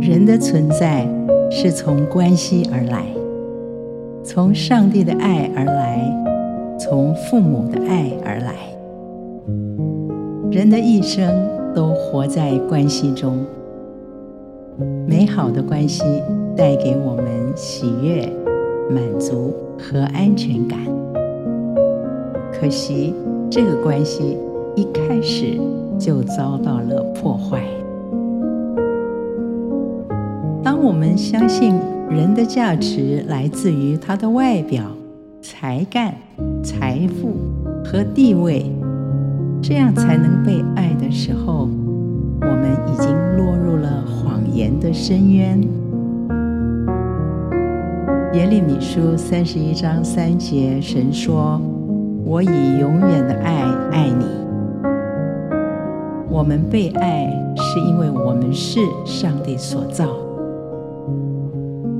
人的存在是從關係而來，從上帝的愛而來，從父母的愛而來。人的一生都活在關係中，美好的關係帶給我們喜悅、滿足和安全感。可惜，這個關係一開始就遭到了破壞。當我們相信人的價值來自於他的外表、才幹、財富和地位，這樣才能被愛的時候，我們已經落入了謊言的深淵。耶利米書三十一章三節，神說：“我以永遠的愛愛你。”我們被愛是因為我們是上帝所造。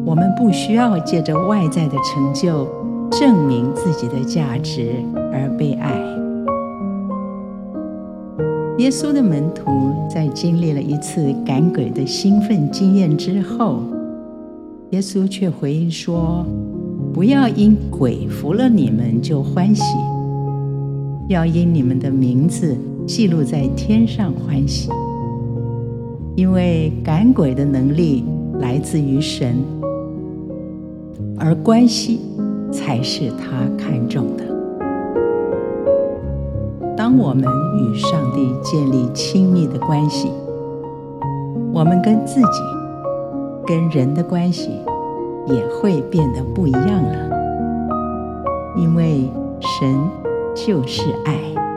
我們不需要借着外在的成就證明自己的價值而被愛。耶穌的門徒在經歷了一次趕鬼的興奮經驗之後，耶穌卻回應說：“不要因鬼服了你們就歡喜，要因你們的名字記錄在天上歡喜，因為趕鬼的能力來自於神。”而關係才是他看重的。當我們與上帝建立親密的關係，我們跟自己、跟人的關係也會變得不一樣了，因為神就是愛。